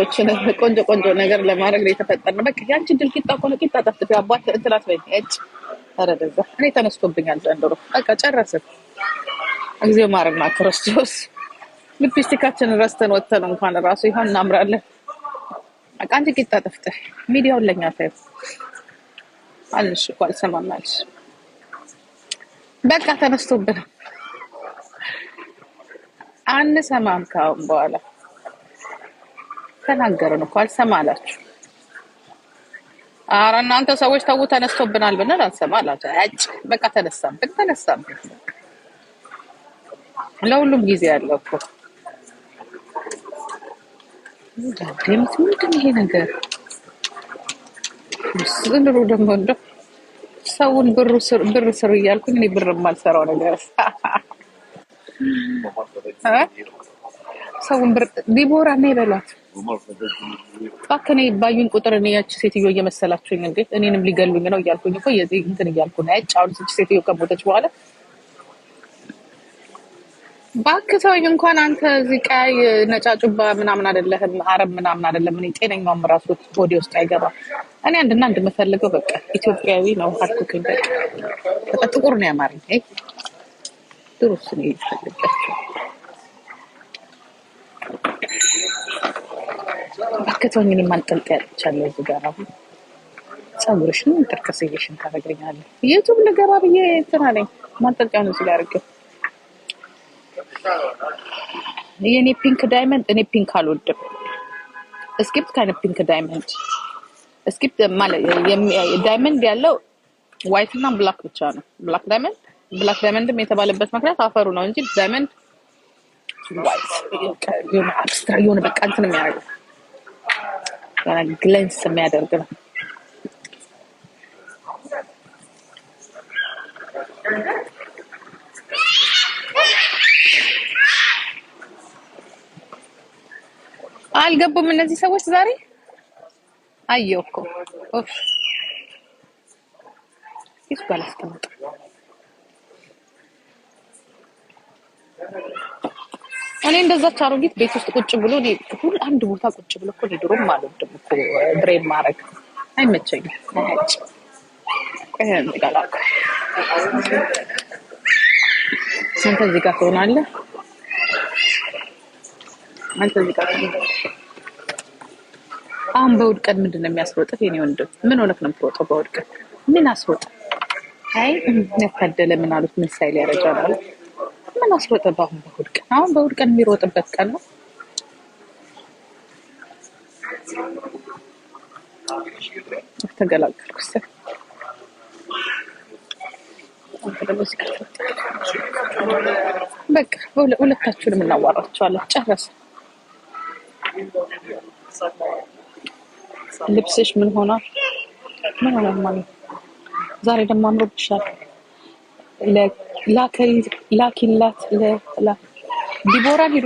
ዎችን ቆንጆ ቆንጆ ነገር ለማድረግ ነው የተፈጠርነው። በቃ ያንቺ ድል ቂጣ ከሆነ ቂጣ ጠፍጥፊ አቧት እንትላት ወይ እጭ ረደዛ እኔ ተነስቶብኛል ዘንድሮ በቃ ጨረስን። እግዚኦ ማርና ክርስቶስ ልፕስቲካችን ረስተን ወጥተን እንኳን ራሱ ይሆን እናምራለን። በቃ አንቺ ቂጣ ጠፍጥፊ ሚዲያውን ለኛ ታዩ አንሽ እኮ አልሰማም አልሽ። በቃ ተነስቶብን አንሰማም በኋላ ተናገርን እኮ አልሰማ አላችሁ። ኧረ እናንተ ሰዎች ተው ተነስቶብናል ብለን አልሰማ አላችሁ። አጭ በቃ ተነሳብን ተነሳብን። ለሁሉም ጊዜ ያለው እኮ ደምት ምንድን ይሄ ነገር ዝንሩ ደግሞ እንደ ሰውን ብር ስር እያልኩኝ እኔ ብር የማልሰራው ነገር ሰውን ብር ዲቦራ ነው የበሏት እባክህ እኔ ባዩኝ ቁጥር እኔ ያቺ ሴትዮ እየመሰላችሁኝ እንዴት እኔንም ሊገሉኝ ነው እያልኩኝ እኮ የዚህ እንትን እያልኩ ነው። ያጭ አሁን ስች ሴትዮ ከሞተች በኋላ እባክህ ሰውዬ እንኳን አንተ እዚህ ቀያይ ነጫጩባ ምናምን አደለህም፣ አረብ ምናምን አደለም። እኔ ጤነኛውም ራሱ ሆዴ ውስጥ አይገባም። እኔ አንድና አንድ የምፈልገው በቃ ኢትዮጵያዊ ነው። ሀድኩኝ በቃ ጥቁር ነው ያማረኝ። ድሩስ ነው ይፈልጋቸው አርክቶኝ እኔም አንጠልጥያ ጥቻለሁ። እዚህ ጋር አሁን ፀጉርሽን ትርከስየሽን ታደርግልኛለህ። ዩቱብ ልገባ ብዬ እንትን ነኝ ማንጠልጥያ ነው እዚህ ጋር አድርጌው። የእኔ ፒንክ ዳይመንድ፣ እኔ ፒንክ አልወድም። እስኪፕት ካይነ ፒንክ ዳይመንድ እስኪፕት ማለት ዳይመንድ ያለው ዋይት እና ብላክ ብቻ ነው። ብላክ ዳይመንድ ብላክ ዳይመንድም የተባለበት ምክንያት አፈሩ ነው እንጂ ዳይመንድ ዋይት የሆነ አብስትራ የሆነ በቃ እንትን የሚያደርገው ይናገራል። ግለንስ የሚያደርግ ነው። አልገቡም እነዚህ ሰዎች ዛሬ አየሁ እኮ ኦፍ ይስ እኔ እንደዛች አሮጊት ቤት ውስጥ ቁጭ ብሎ ሁሉ አንድ ቦታ ቁጭ ብሎ እኮ ድሮም አልወድም እኮ ብሬን ማድረግ አይመቸኝም። አንተ እዚህ ጋር ትሆናለህ። አንተ እዚህ ጋር አሁን በውድቀት ምንድን ነው የሚያስሮጥህ? የኔ ወንድም ምን ሆነህ ነው የምትሮጠው? በውድቀት ምን አስሮጥህ? አይ ያታደለ ምን አሉት ምን ሳይል ያረጃል አሉት አስሮጠባ አሁን በእሑድ ቀን አሁን በእሑድ ቀን የሚሮጥበት ቀን ነው። ተገላገልኩ። እስኪ አንተ ደግሞ እዚህ ጋር በቃ ሁለታችሁንም እናዋራቸዋለን። ጨረስ። ልብስሽ ምን ሆኗል? ምን ሆኗል ማለት ዛሬ ደግሞ አምሮብሻል። ላኪላት ለዲቦራን